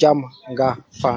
jàmm nga fa